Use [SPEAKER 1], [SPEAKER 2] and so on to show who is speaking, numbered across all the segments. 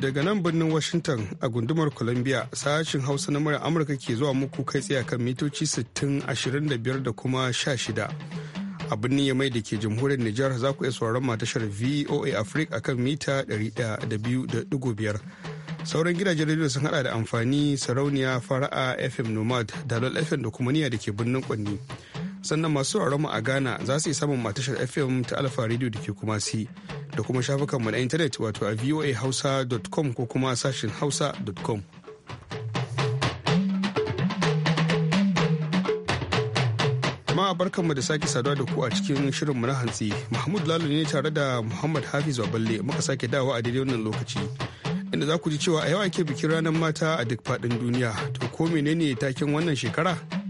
[SPEAKER 1] daga nan birnin washington a gundumar columbia sashen hausa na murya amurka ke zuwa muku kai tsaye kan mitoci 60 25 da kuma 16 a birnin yamai da ke jamhuriyar nijar za ku iya sauraron matashar voa africa akan mita biyar sauran gidajen rediyo sun hada da amfani sarauniya fara'a fm nomad dalol fm da kuma niya da ke birnin kwanni sannan masu mu a ghana za su yi samun matashar fm ta alfa radio da ke kuma si da kuma shafukanmu na intanet wato a voahausa.com ko kuma sashin hausa.com jama'a barkanmu da sake saduwa da ku a cikin mu na hantsi mahmud lalu ne tare da muhammad hafiz balle muka sake dawa a daidai wannan lokaci inda za ku ji cewa a yau ake bikin ranar mata a duk faɗin duniya to ko menene taken wannan shekara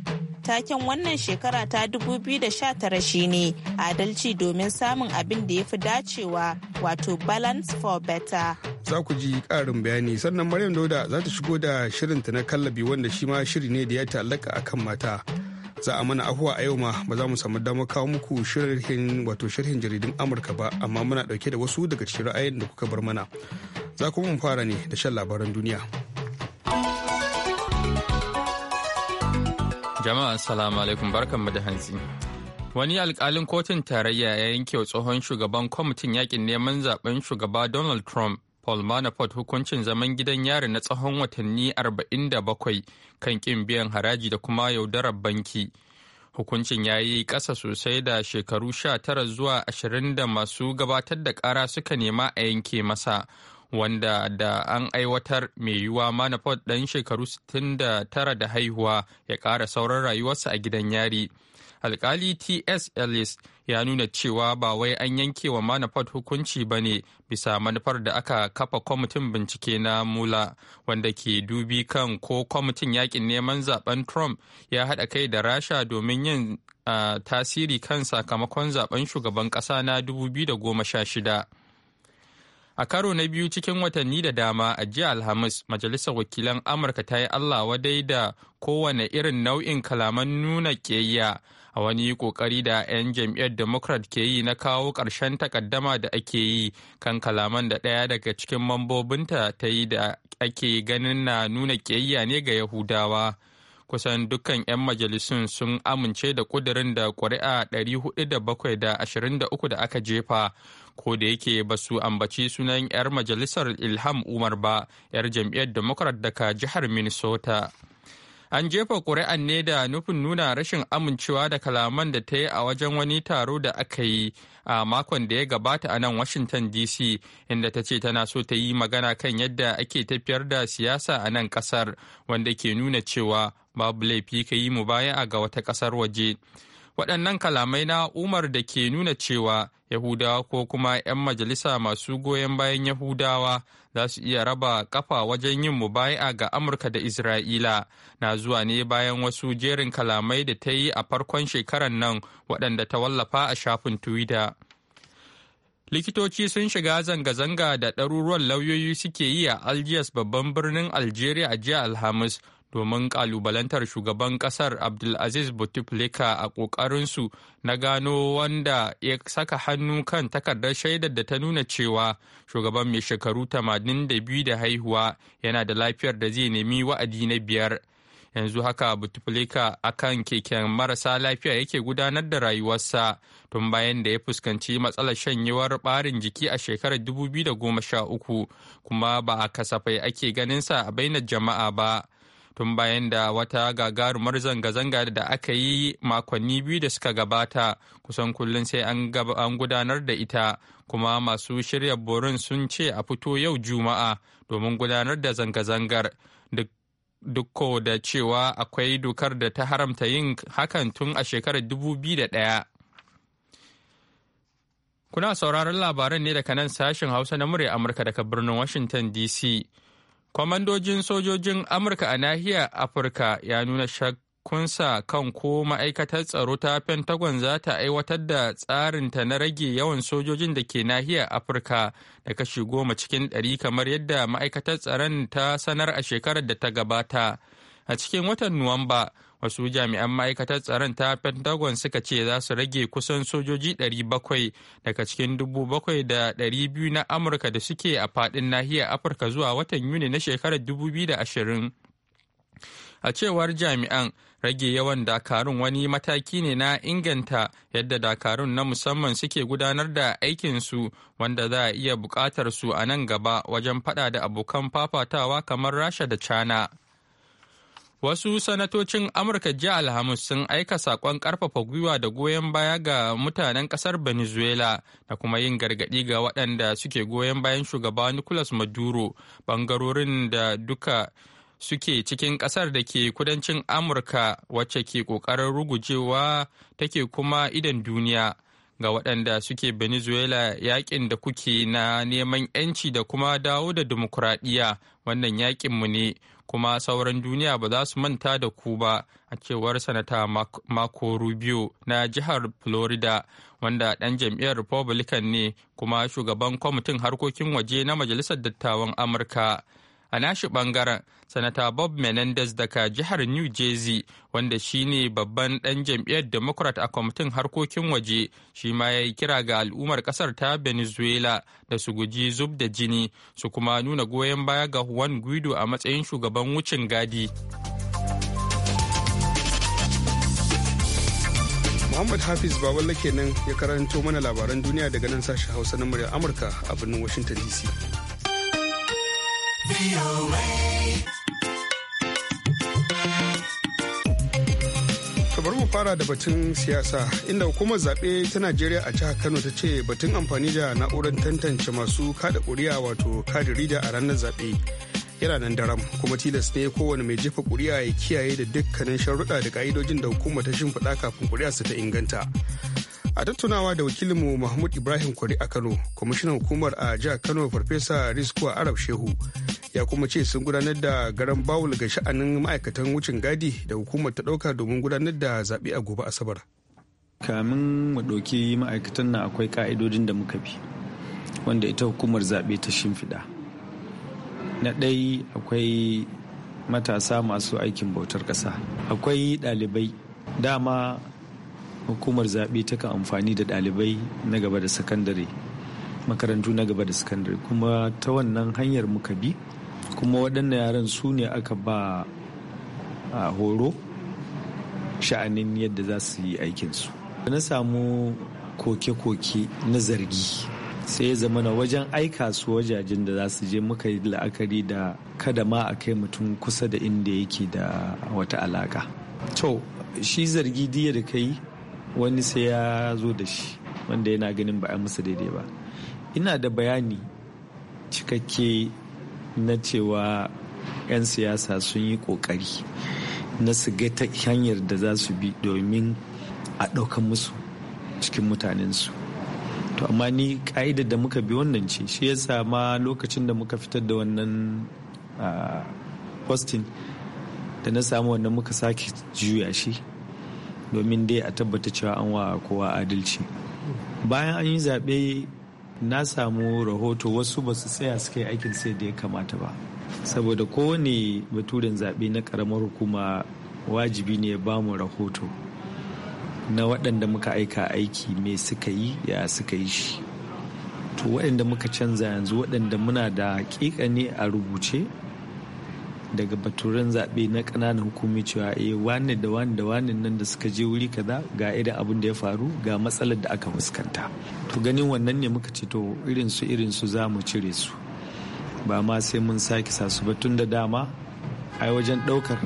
[SPEAKER 2] taken wannan shekara ta 2019 ne adalci domin samun abin da ya fi dacewa wato balance for better.
[SPEAKER 1] Za ku ji ƙarin bayani sannan Maryam Dauda za ta shigo da shirinta na kallabi wanda shi ma shiri ne da ya tallaka a kan mata. Za a mana ahuwa a yau ma ba za mu samu damar kawo muku shirin wato sharhin jaridun Amurka ba amma muna dauke da wasu daga cikin ra'ayin da kuka bar mana. Za kuma mu fara ne da shan labaran duniya.
[SPEAKER 3] Jama'a salamu alaikum barkanmu da hantsi. Wani alkalin kotun tarayya ya yanke wa tsohon shugaban kwamitin yakin neman zaben shugaba Donald Trump Paul Manafort hukuncin zaman gidan yari na tsawon watanni 47 kan kin biyan haraji da kuma yaudarar banki. Hukuncin ya yi ƙasa sosai da shekaru tara zuwa ashirin da masu gabatar da ƙara suka nema a yanke masa wanda da an aiwatar mai yiwuwa manafort ɗan shekaru 69 da haihuwa ya ƙara sauran rayuwarsa a gidan yari. alkali ts ellis ya nuna cewa ba wai an yanke wa manafort hukunci ba ne bisa manufar da aka kafa kwamitin bincike na mula wanda ke dubi kan ko kwamitin yakin neman zaben trump ya haɗa kai da rasha domin yin uh, tasiri kan sakamakon zaben shugaban ƙasa na 2016 A karo na biyu cikin watanni da dama a jiya Alhamis, Majalisar Wakilan Amurka ta yi Allah wadai da kowane irin nau'in kalaman nuna ƙeya a wani ƙoƙari da 'yan jam'iyyar Democrat ke yi na kawo ƙarshen takaddama da ake yi kan kalaman da ɗaya daga cikin mambobinta ta yi da ake ganin na nuna ƙeya ne ga Yahudawa. kusan dukkan 'yan majalisun sun amince da kudirin da ƙuri'a 423 da aka jefa ko da yake ba su ambaci sunan 'yar majalisar ilham umar ba 'yar jam'iyyar democrat daga jihar minnesota an jefa ƙuri'an ne da nufin nuna rashin amincewa da kalaman da ta yi a wajen wani taro da aka yi a makon da ya gabata a nan washington dc inda ta ce tana so ta yi magana kan yadda ake tafiyar da siyasa a nan kasar wanda ke nuna cewa babu laifi ka yi mubaya'a ga wata ƙasar waje. Waɗannan kalamai na Umar da ke nuna cewa Yahudawa ko kuma 'yan majalisa masu goyon bayan Yahudawa za su iya raba kafa wajen yin mu baya ga Amurka da Isra'ila na zuwa ne bayan wasu jerin kalamai da ta yi a farkon shekarar nan waɗanda ta wallafa a shafin Twitter. likitoci sun shiga zanga-zanga da ɗaruruwan lauyoyi suke yi a algiers babban birnin algeria a jiya alhamis domin kalubalantar shugaban kasar abdulaziz bouteflika a ƙoƙarinsu na gano wanda ya saka hannu kan takardar shaidar da ta nuna cewa shugaban mai shekaru 82 da haihuwa yana da lafiyar da zai nemi wa'adi na biyar yanzu haka bouteflika a kan keken marasa lafiya yake gudanar da rayuwarsa tun bayan da ya fuskanci matsalar shanyewar barin jiki a shekarar 2013 kuma ba a kasafai ake ganinsa a bainar jama'a ba. tun bayan da wata gagarumar zanga-zanga da aka yi makonni biyu da suka gabata kusan kullum sai an gudanar da ita kuma masu shirya borin sun ce a fito yau juma'a domin gudanar da zanga-zangar dukko da cewa akwai dokar da ta haramta yin hakan tun a shekarar 2001 kuna sauraron labaran ne daga nan sashen hausa na murya amurka daga birnin washington dc kwamandojin sojojin amurka a nahiyar afirka ya nuna shakkunsa kan ko ma'aikatar tsaro ta pentagon za ta aiwatar da tsarinta na rage yawan sojojin da ke nahiyar afirka da kashi goma cikin ɗari kamar yadda ma'aikatar tsaron ta sanar a shekarar da ta gabata a cikin watan nuwamba wasu jami'an ma'aikatar tsaron ta pentagon suka ce za su rage kusan sojoji 700 daga cikin 7,200 na amurka da suke a fadin nahiyar afirka zuwa watan yuni na shekarar 2020 a cewar jami'an rage yawan dakarun wani mataki ne na inganta yadda dakarun na musamman suke gudanar da aikinsu wanda za a iya bukatar su a nan gaba wajen fada da abokan fafatawa kamar rasha da china Wasu sanatocin Amurka jiya Alhamis sun aika saƙon ƙarfafa gwiwa da goyon baya ga mutanen ƙasar Venezuela da kuma yin gargaɗi ga waɗanda suke goyon bayan shugaba Nicolas Maduro ɓangarorin da duka suke cikin ƙasar da ke kudancin Amurka wacce ke ƙoƙarin rugujewa take kuma idan duniya. ga waɗanda suke venezuela yakin da kuke na neman 'yanci da kuma dawo da dimokuraɗiyya wannan yakinmu ne kuma sauran duniya ba za su manta da ku ba a cewar sanata marco rubio na jihar florida wanda ɗan jam'iyyar republican ne kuma shugaban kwamitin harkokin waje na majalisar dattawan amurka a nashi bangaren sanata bob menendez daga jihar new jersey wanda shine babban dan jam'iyyar democrat a kwamitin harkokin waje shi ma ya yi kira ga al'ummar kasar ta venezuela da su guji zub da jini su kuma nuna goyon baya ga juan guido a matsayin shugaban wucin gadi
[SPEAKER 1] Muhammad Hafiz Baballa kenan ya karanto mana labaran duniya daga nan sashen Hausa na murya Amurka a birnin Washington DC. bari mu fara da batun siyasa inda hukumar zaɓe ta najeriya a jihar kano ta ce batun amfani da na'urar tantance masu kada ƙuri'a wato kada rida a ranar zaɓe yana nan daram kuma tilas ne kowane mai jefa ƙuri'a ya kiyaye da dukkanin sharuɗa da ƙa'idojin da hukumar ta shimfiɗa kafin su ta inganta a tattaunawa da wakilinmu mahmud ibrahim kwari a kano kwamishinan hukumar a jihar kano farfesa riskuwa arab shehu ya kuma ce sun gudanar da garan bawul ga sha'anin ma'aikatan wucin gadi da hukumar ta ɗauka domin gudanar da zaɓe a gobe asabar kamin mu ɗauki
[SPEAKER 4] ma'aikatan nan akwai ka'idodin da muka bi wanda ita hukumar zaɓe ta shimfiɗa na ɗai akwai matasa masu aikin bautar ƙasa akwai ɗalibai dama hukumar zaɓe ta kan amfani da ɗalibai na gaba da sakandare makarantu na gaba da sakandare kuma ta wannan hanyar muka bi kuma waɗannan yaran su ne aka ba a horo sha'anin yadda za su yi aikinsu na samu koke-koke na zargi sai ya zama na wajen aika su wajajen da za su je muka yi la'akari da kada ma a kai mutum kusa da inda yake da wata alaka to shi zargi diya da kai wani sai ya zo da shi wanda yana ganin ba a musu daidai ba ina da bayani cikakke na cewa 'yan siyasa sun yi kokari na su ga ta hanyar da za su bi domin a ɗaukan musu cikin mutanensu to amma ni ka'idar da muka bi wannan ce shi yasa ma lokacin da muka fitar da wannan ah, posting da na samu wannan muka sake juya shi domin dai a tabbata cewa an wa kowa adalci bayan an yi zaɓe na samu rahoto wasu ba su tsaya suka yi aikin sai da ya kamata ba saboda kowane baturen zaɓe na ƙaramar hukuma wajibi ne ya ba mu rahoto na waɗanda muka aika aiki me suka yi ya suka yi shi to waɗanda muka canza yanzu waɗanda muna da haƙiƙa ne a rubuce daga baturen zaɓe na ƙananan hukumi cewa eh wane da wani da wane nan da suka je wuri kaza ga irin abin da ya faru ga matsalar da aka fuskanta to ganin wannan ne muka ce to irin su irin su za mu cire su ba ma sai mun sake sasu ba tun da dama ai wajen ɗaukar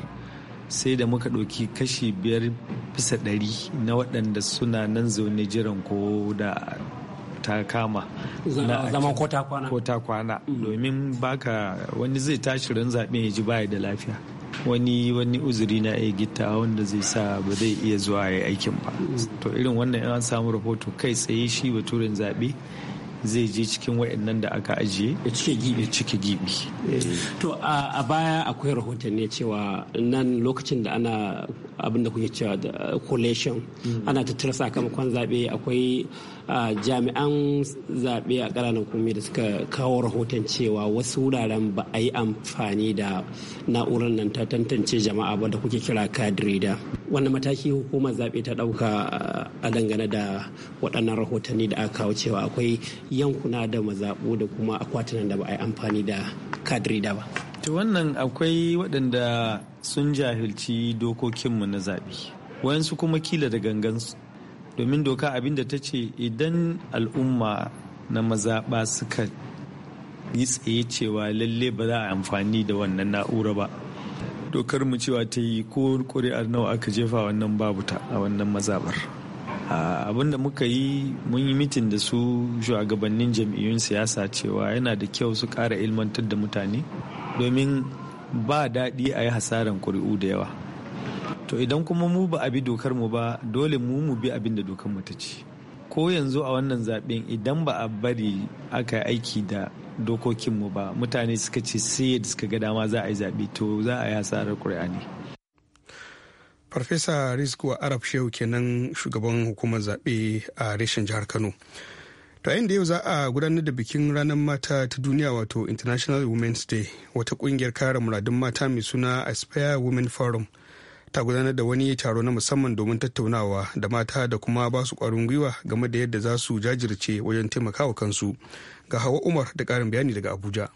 [SPEAKER 4] sai da muka ɗauki kashi biyar bisa ɗari na waɗanda suna nan zaune jiran ko da ta kama zaman kota kwana kota kwana mm. domin baka wani zai tashi ran zaɓe ya ji baya da lafiya wani wani uzuri na iya gita wanda zai sa ba zai iya zuwa ya aikin ba mm. to irin wannan an samu rahoto kai tsaye shi turin zaɓe zai je cikin waɗannan da aka ajiye ya cike gibi ya cike gibi eh. to a baya akwai rahotanni cewa nan lokacin da ana abin da kuke cewa collation mm. ana tattara sakamakon zaɓe akwai jami'an zaɓe a ƙananan hukumomi da suka kawo rahoton cewa wasu wuraren ba a yi amfani da na'urar nan ta tantance jama'a ba da kuke kira kadirida wani mataki hukumar zaɓe ta ɗauka a dangane da waɗannan rahotanni da aka kawo cewa akwai yankuna da mazaɓu da kuma akwatunan da ba a yi amfani da kadirida ba to wannan akwai waɗanda sun jahilci dokokinmu na zaɓe wayansu kuma kila da gangan domin doka abinda ta ce idan al'umma na mazaɓa suka yi tsaye cewa lalle ba za a amfani da wannan na'ura ba dokar mu cewa ta yi ko ƙuri'ar nawa aka jefa wannan babu ta a wannan mazaɓar abinda muka yi mun yi mitin da su shugabannin jam'iyyun siyasa cewa yana da kyau su ƙara ilmantar da mutane domin ba daɗi a yi hasaran kuri'u da yawa to idan kuma mu ba a bi dokar mu ba dole mu mu bi abin da dokar mu ta ce ko yanzu a wannan zaben idan ba a bari aka aiki da dokokin mu ba mutane suka ce sai da suka ga dama za a yi zaɓe to za a yi hasarar ƙuri'a
[SPEAKER 1] farfesa rizku arab shehu kenan shugaban hukumar zaɓe a reshen jihar kano ta yin da yau za a gudanar da bikin ranar mata ta duniya wato international women's day wata kungiyar kare muradun mata mai suna aspire women forum ta gudanar da wani taro na musamman domin tattaunawa da mata da kuma ba su kwarin gwiwa game da yadda za su jajirce wajen taimakawa kansu ga hawa umar da karin bayani daga abuja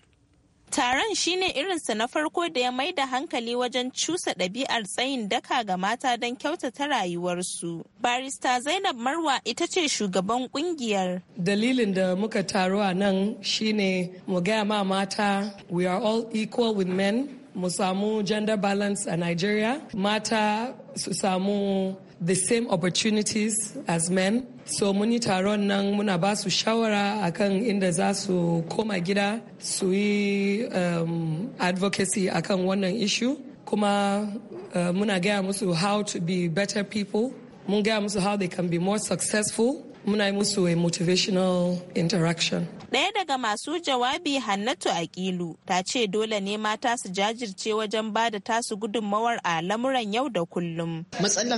[SPEAKER 2] Taron shine irinsa na farko da ya mai da hankali wajen cusa ɗabi'ar tsayin daka ga mata don kyautata rayuwarsu. Barista Zainab Marwa ita ce shugaban kungiyar. Dalilin da muka taro a nan shine mu gaya ma mata we are all equal with men mu samu gender balance a Nigeria, mata su samu the same opportunities as men. So muni taron nan muna ba su shawara akan inda za su koma gida su yi um, advocacy akan wannan issue. Kuma uh, muna gaya musu how to be better people. Mun gaya musu how they can be more successful. Muna yi musu a motivational interaction. Ɗaya daga masu jawabi Hannatu Aƙilu ta ce dole ne mata su jajirce wajen ba da tasu gudunmawar a lamuran yau da kullum. Matsalar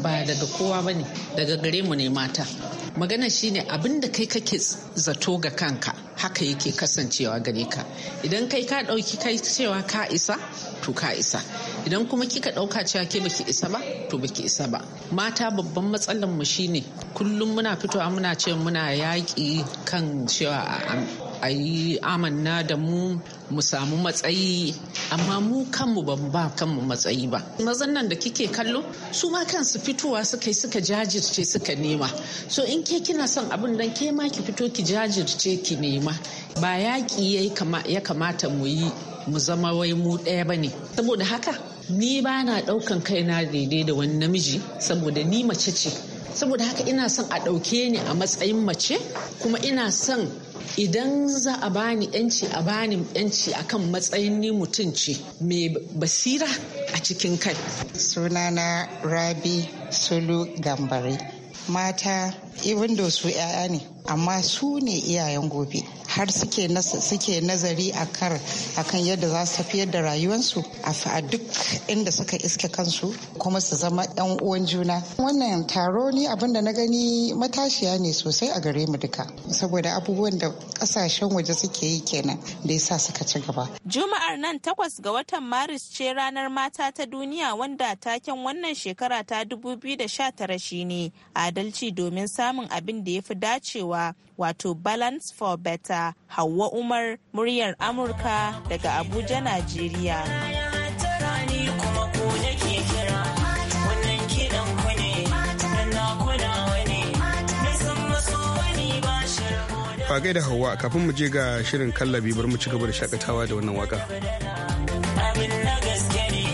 [SPEAKER 5] ba daga kowa ba ne, daga gare mu ne mata. Magana shine abin da kai kake zato ga kanka haka yake kasancewa gare ka. Idan kai ka ɗauki kai cewa ka isa, to ka isa. Idan kuma kika ɗauka cewa ke baki isa ba, to baki isa ba. Mata babban matsalar mu shine kullum muna fitowa muna ce muna yaƙi kan cewa a yi amanna da mu mu samu matsayi amma mu kanmu ba mu ba kanmu matsayi ba mazan nan da kike kallo su ma kansu fitowa suka yi suka jajirce suka nema so in ke kina son abin dan ke ma ki fito ki jajirce ki nema ba yaƙi ya kamata mu yi mu zama wai mu ɗaya ba ne saboda haka ni ba na ɗaukan kaina daidai da wani namiji saboda ni mace ce saboda haka ina son a ɗauke ni a matsayin mace kuma ina son idan za a bani yanci a bani
[SPEAKER 2] yanci akan matsayin ni mutum ce mai basira a cikin kai sunana rabi sulu gambare mata even su 'ya'ya ne amma su ne iyayen gobe har suke suke nazari akan akan yadda za su tafiyar da rayuwarsu a duk inda suka iske kansu kuma su zama yan uwan juna wannan taro ni abin da na gani matashiya ne sosai a gare mu duka saboda abubuwan da kasashen waje suke yi kenan da yasa suka ci gaba juma'ar nan takwas ga watan maris ce ranar mata ta duniya wanda taken wannan shekara ta 2019 shine adalci domin samun abin da ya fi dacewa cewa wato balance for better Hauwa umar muryar amurka daga abuja najeriya
[SPEAKER 1] Fagai da Hauwa kafin mu je ga shirin kallabi bar mu ci gaba da shakatawa da wannan waka.
[SPEAKER 6] Abin na gaske ne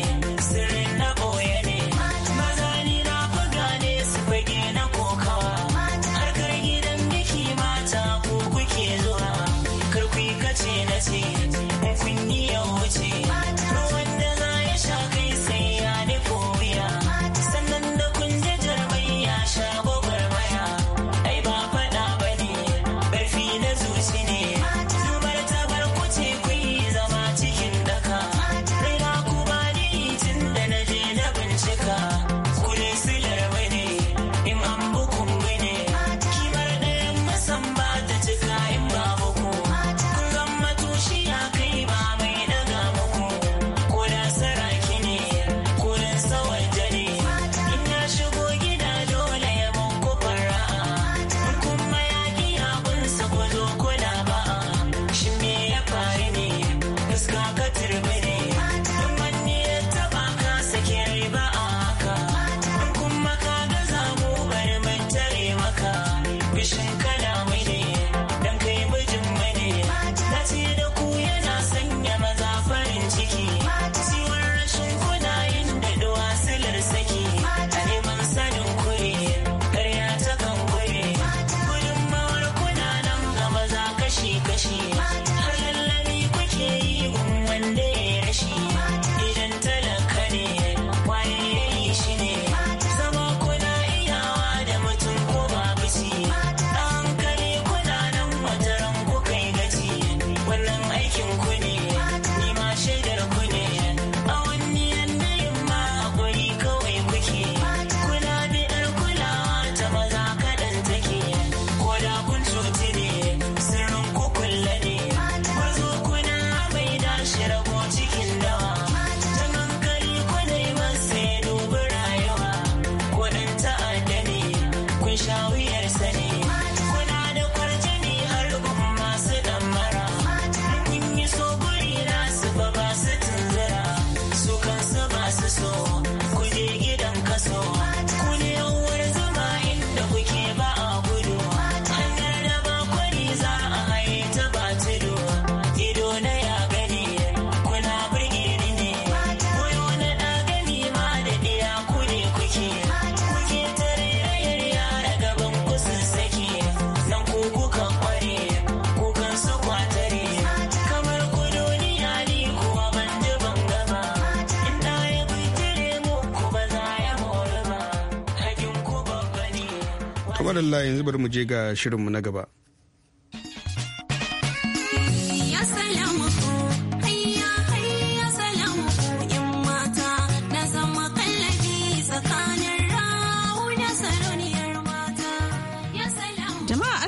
[SPEAKER 1] kamar Allah yanzu bari mu je ga mu na gaba.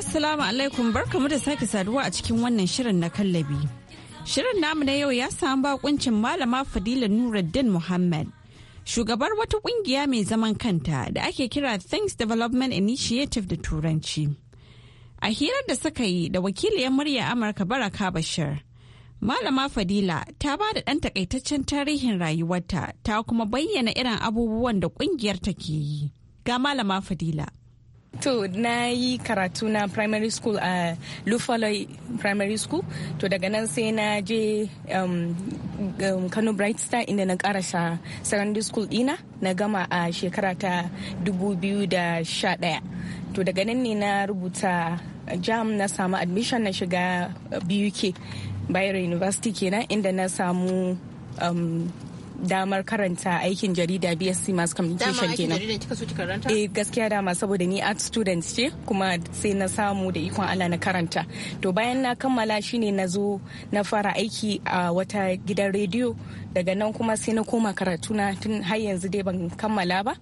[SPEAKER 7] Assalamu alaikum barkamu da sake saduwa a cikin wannan shirin na kallabi. Shirin namu na yau ya samu bakuncin malama Fadila Nuruddin Muhammad shugabar wata kungiya mai zaman kanta da ake kira Things Development Initiative da Turanci. A hirar da suka yi da wakiliyar murya Amurka Baraka Bashir, Malama Fadila ta ba da ɗan takaitaccen tarihin rayuwarta ta kuma bayyana irin abubuwan da kungiyar take yi. Ga Malama Fadila. To na yi karatu
[SPEAKER 8] na primary school a Lufaloi primary school to daga nan sai na je um, um, Kano Bright Star inda na karasa secondary school dina na gama a shekara ta 2011 to daga nan ne na rubuta jam na samu admission na shiga BUK Bayero University kenan inda na samu um, damar karanta aikin jarida BSc Mass Communication kenan.
[SPEAKER 2] Dama Eh
[SPEAKER 8] gaskiya dama saboda ni art student ce kuma sai na samu da ikon Allah na karanta. To bayan na kammala shine na zo na fara aiki a wata gidan rediyo daga nan kuma sai na koma karatu na tun har yanzu dai ban kammala ba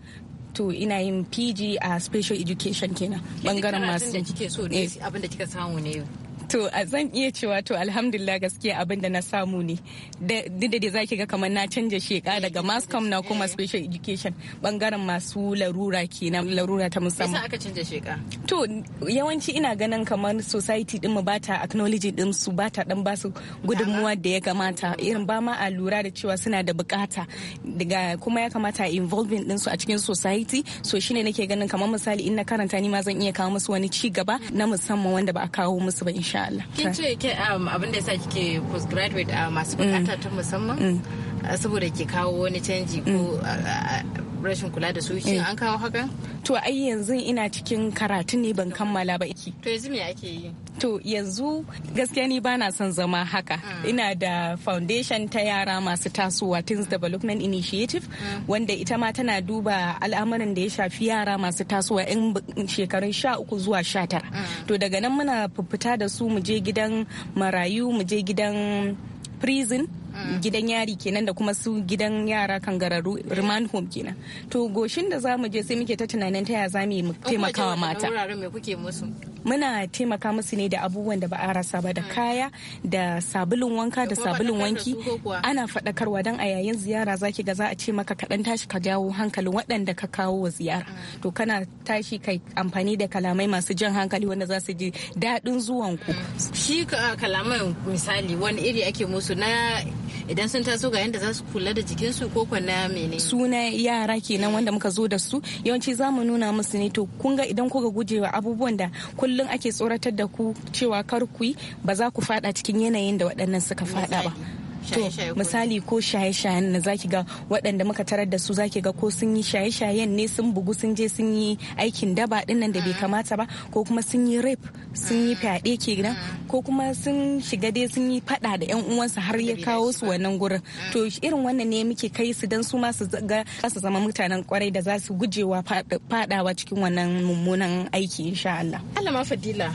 [SPEAKER 8] to ina yin PG a special education kenan bangaren masu. Eh. kika samu ne To zan iya cewa to alhamdulillah gaskiya abin da na samu ne. Duk da zaki ga kamar na canja sheka daga mascom na kuma eh. special education bangaren masu larura kenan larura ta musamman. aka canja sheka? To yawanci ina ganin kamar society din mu ba ta acknowledge din su ba ta dan basu gudunmuwa da ya kamata irin ba ma a lura da cewa suna da bukata daga kuma ya kamata involving din su a cikin society so shine nake ganin kamar misali in na karanta ni ma zan iya kawo musu wani ci gaba na musamman wanda ba a kawo musu ba insha Allah kin
[SPEAKER 2] ce ke um, abin da yasa kike postgraduate a uh, masu mm. bukata ta musamman mm. saboda ke kawo wani canji ko mm.
[SPEAKER 8] rashin kula da su mm. an kawo haka to ai yanzu ina cikin karatu ne ban kammala ba iki
[SPEAKER 7] to yanzu me ake yi
[SPEAKER 8] to yanzu gaskiya ni bana son zama haka mm. ina da foundation ta yara masu tasowa teens development initiative wanda ita ma tana duba al'amuran da ya shafi yara masu tasowa yan shekarun sha uku zuwa sha tara to daga nan muna fita da su mu je gidan marayu mu je gidan prison Mm. gidan yari kenan da kuma su gidan yara kangararru remand home kenan to goshin da zamu je sai muke ta tunanin ta ya zamu mu taimakawa mata muna taimaka musu ne da abubuwan da ba a rasa ba da mm. kaya da sabulun wanka da sabulun wanki ana faɗakarwa don a yayin ziyara zaki ga za a ce maka kaɗan tashi ka jawo hankalin waɗanda ka kawo wa ziyara mm. to kana tashi kai amfani da kalamai masu jan hankali wanda za su ji daɗin zuwanku shi kalamai misali wani iri ake musu na idan sun taso ga yadda za su kula da jikinsu ko kwana mene suna yara kenan wanda muka zo da su yawanci za mu nuna musu ne to kun ga idan kuka guje wa abubuwan da kullum ake tsoratar da ku cewa kar ku yi ba za ku fada cikin yanayin da waɗannan suka fada ba to misali ko shaye-shayen na zaki ga waɗanda muka tarar da su zaki ga ko sun yi shaye-shayen ne sun bugu sun je sun yi aikin daba dinnan da bai kamata ba ko kuma sun yi rape sun yi fyaɗe kenan ko kuma sun shiga dai sun yi faɗa da yan uwansu har ya kawo su wannan gurin to irin wannan ne muke kai su dan su ma su ga su zama mutanen kwarai da za su gujewa faɗawa cikin wannan mummunan aiki insha Allah.
[SPEAKER 7] Allah ma
[SPEAKER 2] fadila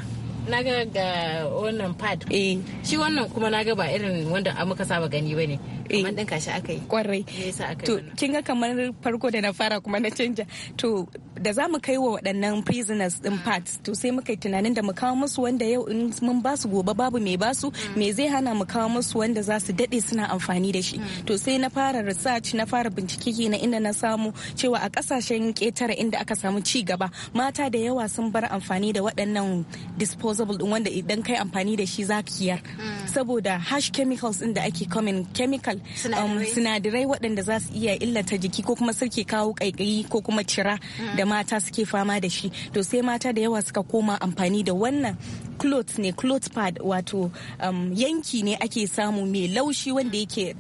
[SPEAKER 2] naga ga wannan pad eh. shi wannan kuma naga ba irin wanda
[SPEAKER 8] muka saba gani ba ne. Eh. kamar ɗinka aka kwarai to kin ga kamar farko da na fara kuma na canja to da za mu kai wa waɗannan prisoners din mm. parts to sai muka yi tunanin da mu kawo musu wanda yau in mun basu gobe babu mai basu mai mm. me zai hana mu kawo musu wanda za su daɗe suna amfani da shi mm. to sai na fara research na fara bincike na inda na samu cewa a kasashen ƙetare inda aka samu ci gaba mata da yawa sun bar amfani da waɗannan disposable din wanda idan kai amfani da shi za ki yar saboda hash chemicals din da ake common chemical chemical um, sinadarai waɗanda za su iya illata jiki ko kuma suke kawo ƙaiƙayi ko kuma cira da mm. mata suke fama da shi to sai mata da yawa suka koma amfani da wannan cloth ne cloth pad wato um, yanki ne ake samu mai laushi wanda yake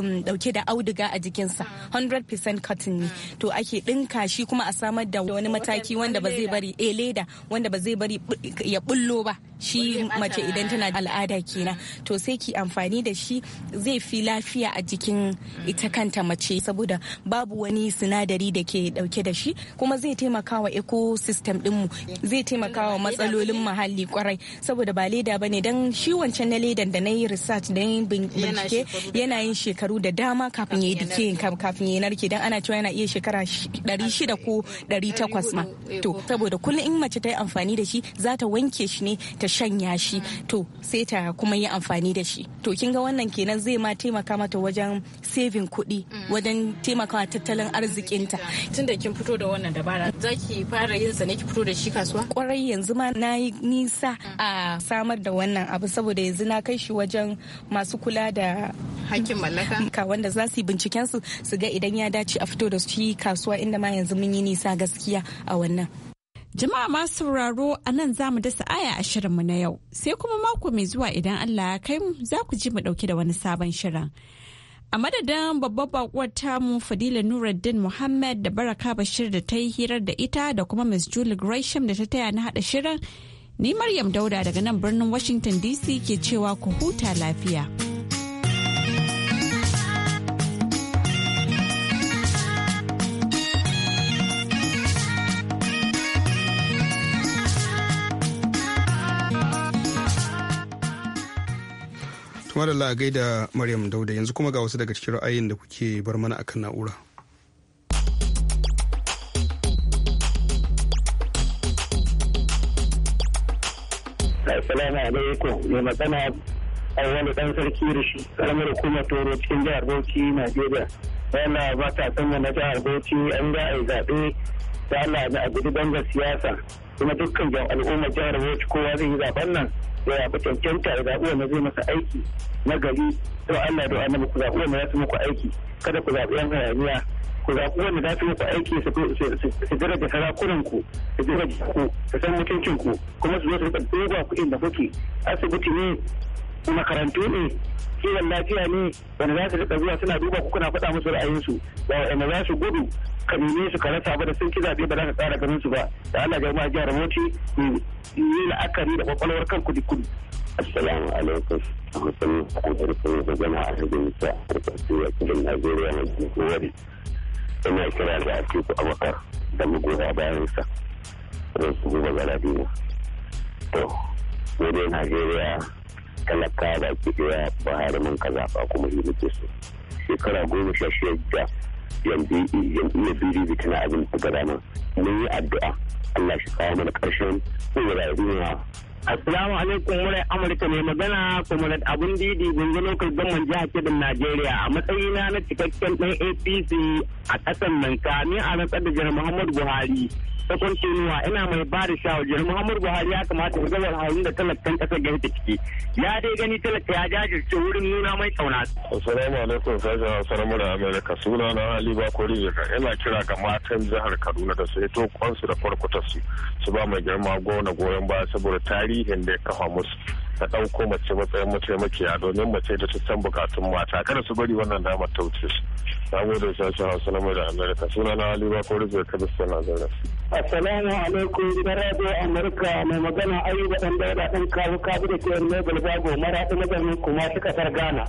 [SPEAKER 8] um, dauke da auduga a jikinsa 100% cotton ne to ake dinka shi kuma a samar da wani mataki wanda ba zai bari e leda wanda ba zai bari ya bullo ba shi mace idan tana al'ada kenan to sai ki amfani da shi zai fi lafiya a jikin ita kanta mace saboda babu wani sinadari da ke dauke da shi kuma zai taimaka wa ecosystem dinmu zai taimakawa matsalolin muhalli kwarai kawai saboda ba leda ba ne don shi wancan na ledan da na yi research da yin bincike yana yin shekaru da dama kafin ya yi dike kafin ya yi narke don ana cewa yana iya shekara 600 ko 800 ma to eh, saboda kullum in mace ta yi amfani da shi za ta wanke shi ne ta shanya shi mm. to sai ta kuma yi amfani da shi to kin ga wannan kenan zai ma taimaka mata wajen saving kuɗi mm. wajen taimakawa tattalin arzikinta tunda kin fito da wannan dabara za fara yin sa ne ki fito da shi kasuwa kwarai yanzu ma na yi nisa a samar da wannan abu saboda yanzu na kai shi wajen masu kula da hakkin mallaka wanda za su yi binciken su su ga idan ya dace a fito da yi kasuwa
[SPEAKER 7] inda ma yanzu mun yi nisa gaskiya a wannan Jama'a masu sauraro a nan za mu dasa aya a shirin mu na yau sai kuma mako mai zuwa idan Allah ya kai mu za ku ji mu dauke da wani sabon shirin. A madadin babbar bakuwar tamu Fadila Nuruddin Muhammad da Baraka Bashir da ta yi hirar da ita da kuma Miss Julie Gresham da ta taya na hada shirin Ni Maryam Dauda daga nan birnin Washington DC ke cewa ku huta lafiya.
[SPEAKER 1] Tumarala da Maryam Dauda yanzu kuma ga wasu daga cikin ra'ayin da kuke bar mana akan na'ura.
[SPEAKER 9] Assalamu alaikum. Mai magana wani dan sarki da shi karamar hukumar toro cikin jihar Bauchi Najeriya. Yana ba ta sanya na jihar Bauchi an za a yi zaɓe da Allah da a gudu bangar siyasa. Kuma dukkan al'ummar jihar Bauchi kowa zai yi zaɓen nan. Ya yaɓi cancanta ya zaɓi wanda zai masa aiki na gari. to Allah da annabi ku zaɓi wanda ya muku aiki. Kada ku zaɓi yan hayaniya. ku zaɓi wanda za su ku aiki su daraja sarakunan ku su daraja ku su san mutuncin ku kuma su zo su rika duba ku inda kuke asibiti ne makarantu ne kiwon lafiya ne wanda za su rika zuwa suna duba ku kuna faɗa musu ra'ayinsu ba wanda za su gudu ka su ka rasa da sun ki zaɓe ba za ka tsara ganin su ba da Allah jama'a jihar Bauchi yi la'akari da kwakwalwar kan kudi kudi. Assalamu alaikum. Musamman a harkar da jama'a a hajjin sa harkar Najeriya na jikin ina kira da a abakar da magoya sa da su zuba biyu to dai najeriya talaka da ke iya ba mun ka zaɓa kuma yi muke su. shekara goma sha shi da yanzu biyu bdb tana abin da gada mun yi addu'a allah shi kawo mana ƙarshen ko da Assalamu alaikum murai Amurka mai magana da Abun Didi Gungun Local Government jiha kebin Najeriya a matsayina na cikakken ɗan APC a ƙasar nan ni a rantsar da Jihar Muhammadu Buhari. Sakon kontinuwa ina mai ba da shawar Jihar Muhammadu Buhari ya kamata ya gawar hawan da talakan ƙasar gari ta ciki. Ya dai gani talaka ya jajirce wurin nuna mai ƙauna. Assalamu alaikum sashen Hausar Mura Amerika suna na Ali Bakori Jika ina kira ga matan jihar Kaduna da su to kwansu da farko ta su ba mai girma gona goyon baya saboda tarihi tarihin da ya kafa musu ta ɗauko mace matsayin makiya domin mace da ta san bukatun mata kada su bari wannan damar ta wuce su na gode sashen hausa na da amerika suna na aliba ko rufe kabista na zaune. assalamu alaikum gidan radio amurka mai magana da ɗan dauda ɗan kawo kabi da kewar mai balbago mara ɗan mazamin kuma su ƙasar ghana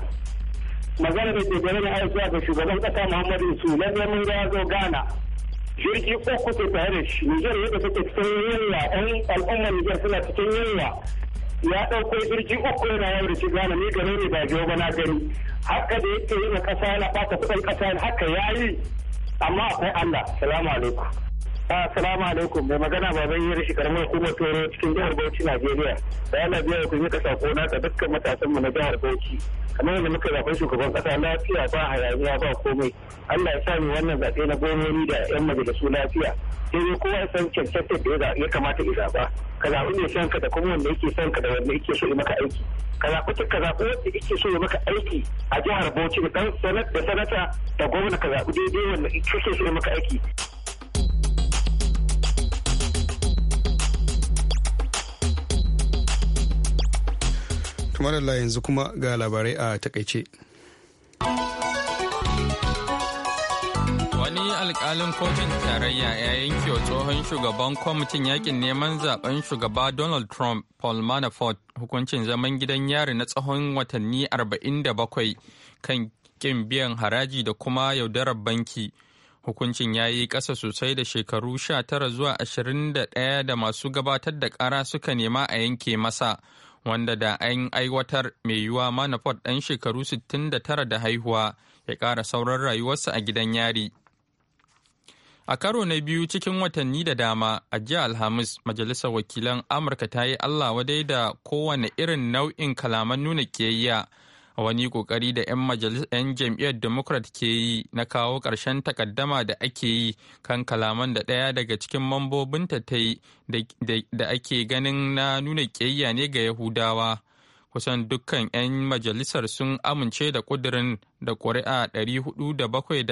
[SPEAKER 9] magana da ke gari na aiki ga shugaban ƙasa muhammadu su na neman ya zo ghana jirgi uku ke tare da shi Nijar yadda suke cikin yunwa ɗan al'ummar Nijar suna cikin yunwa ya ɗauko jirgi uku yana yau da shi gane ni gane ne ba jiyo na gani haka da yake yi na ƙasa yana ɓata kuɗin ƙasa haka ya yi amma akwai Allah salamu alaikum. Assalamu alaikum mai magana baban yiri shi karamar hukumar Toro cikin jihar Bauchi Najeriya. Da yana biya ku yi kasa na ga dukkan matasan mu na jihar Bauchi. Kamar yadda muka zaɓi shugaban ƙasa. lafiya ba hayaniya ba komai. Allah ya sa ni wannan zaɓe na gwamnati da 'yan majalisu lafiya. Sai dai kowa ya san cancantar da ya kamata ya zaɓa. Ka zaɓi mai son ka da kuma wanda yake son ka da wanda yake so ya maka aiki. Ka zaɓi ta ka zaɓi wanda yake so ya maka aiki a jihar Bauchi da ɗan sanata da gwamna ka zaɓi daidai wanda yake so ya maka aiki.
[SPEAKER 1] kamar yanzu kuma ga labarai a takaice.
[SPEAKER 3] Wani alkalin kotun tarayya ya yanke wa tsohon shugaban kwamitin yakin neman zaben shugaba Donald Trump Paul Manafort hukuncin zaman gidan yari na tsawon watanni 47 kan kin biyan haraji da kuma yaudarar banki. Hukuncin ya yi ƙasa sosai da shekaru 19 zuwa 21 da masu gabatar da ƙara suka nema a yanke masa. wanda da an aiwatar mai yiwuwa manafort ɗan shekaru 69 da haihuwa ya ƙara sauran rayuwarsa a gidan yari. A karo na biyu cikin watanni da dama a jiya Alhamis Majalisar Wakilan Amurka ta yi Allah wadai da kowane irin nau'in kalaman nuna kiyayya. a wani kokari da 'yan jam'iyyar democrat ke yi na kawo ƙarshen takaddama da ake yi kan kalaman da ɗaya daga cikin mambobinta ta yi da ake ganin na nuna ƙiyayya ne ga yahudawa kusan dukkan 'yan majalisar sun amince da ƙudurin da ƙuri'a 423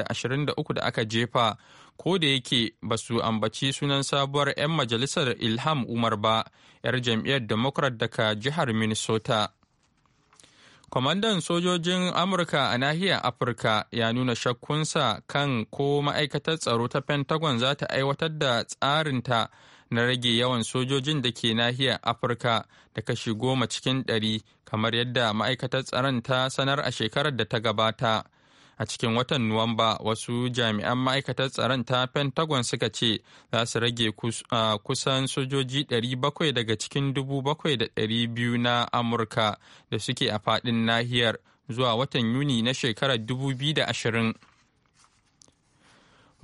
[SPEAKER 3] da aka jefa ko da yake ba su ambaci sunan sabuwar 'yan majalisar ilham umar ba 'yar jam'iyyar democrat daga jihar minnesota kwamandan sojojin amurka a nahiyar afirka ya nuna shakkunsa kan ko ma'aikatar tsaro ta pentagon za ta aiwatar da tsarinta na rage yawan sojojin da ke nahiyar afirka da kashi goma cikin ɗari kamar yadda ma'aikatar tsaron ta sanar a shekarar da ta gabata a cikin watan nuwamba wasu jami'an ma'aikatar tsaron ta pentagon suka ce za su rage kusan sojoji 700 daga cikin 7,200 na amurka da suke a fadin nahiyar zuwa watan yuni na shekarar 2020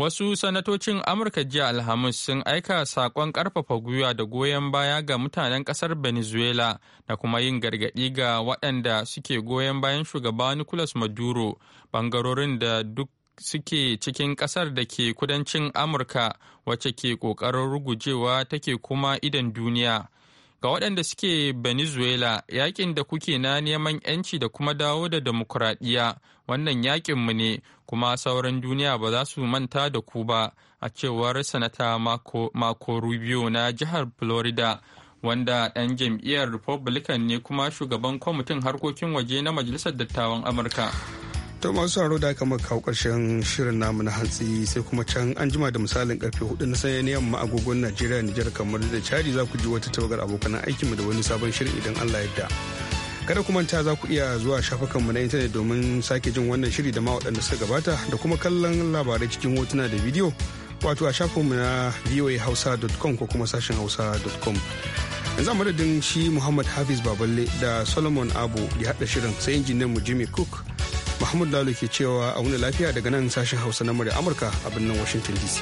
[SPEAKER 3] Wasu sanatocin Amurka jiya Alhamis sun aika saƙon ƙarfafa gwiwa da goyon baya ga mutanen ƙasar Venezuela da kuma yin gargaɗi ga waɗanda suke goyon bayan shugaba Nicolas Maduro ɓangarorin da duk suke cikin ƙasar da ke kudancin Amurka wacce ke ƙoƙarin rugujewa take kuma idan duniya. Ga waɗanda suke Venezuela, yakin da kuke na neman 'yanci da kuma dawo da demokuraɗiyya wannan yakinmu ne kuma sauran duniya ba za su manta da ku ba a cewar sanata mako Rubio na jihar Florida wanda ɗan jam'iyyar Republican ne kuma shugaban kwamitin harkokin waje na Majalisar Dattawan Amurka.
[SPEAKER 1] To masu sauraro da aka maka ƙarshen shirin namu na hantsi sai kuma can an jima da misalin karfe hudu na sanya ne yamma agogon Najeriya Nijar kamar da Chadi za ku ji wata tawagar abokan aikinmu da wani sabon shirin idan Allah ya yarda. kada ku manta za ku iya zuwa shafukanmu na intanet domin sake jin wannan shiri da ma waɗanda suka gabata da kuma kallon labarai cikin hotuna da bidiyo wato a shafinmu na voahausa.com ko kuma sashen hausa.com yanzu madadin shi muhammad hafiz baballe da solomon abu ya haɗa shirin sai injiniyan mu jimmy cook muhammad lalu ke cewa a wani lafiya daga nan sashen hausa na murya amurka a birnin washington dc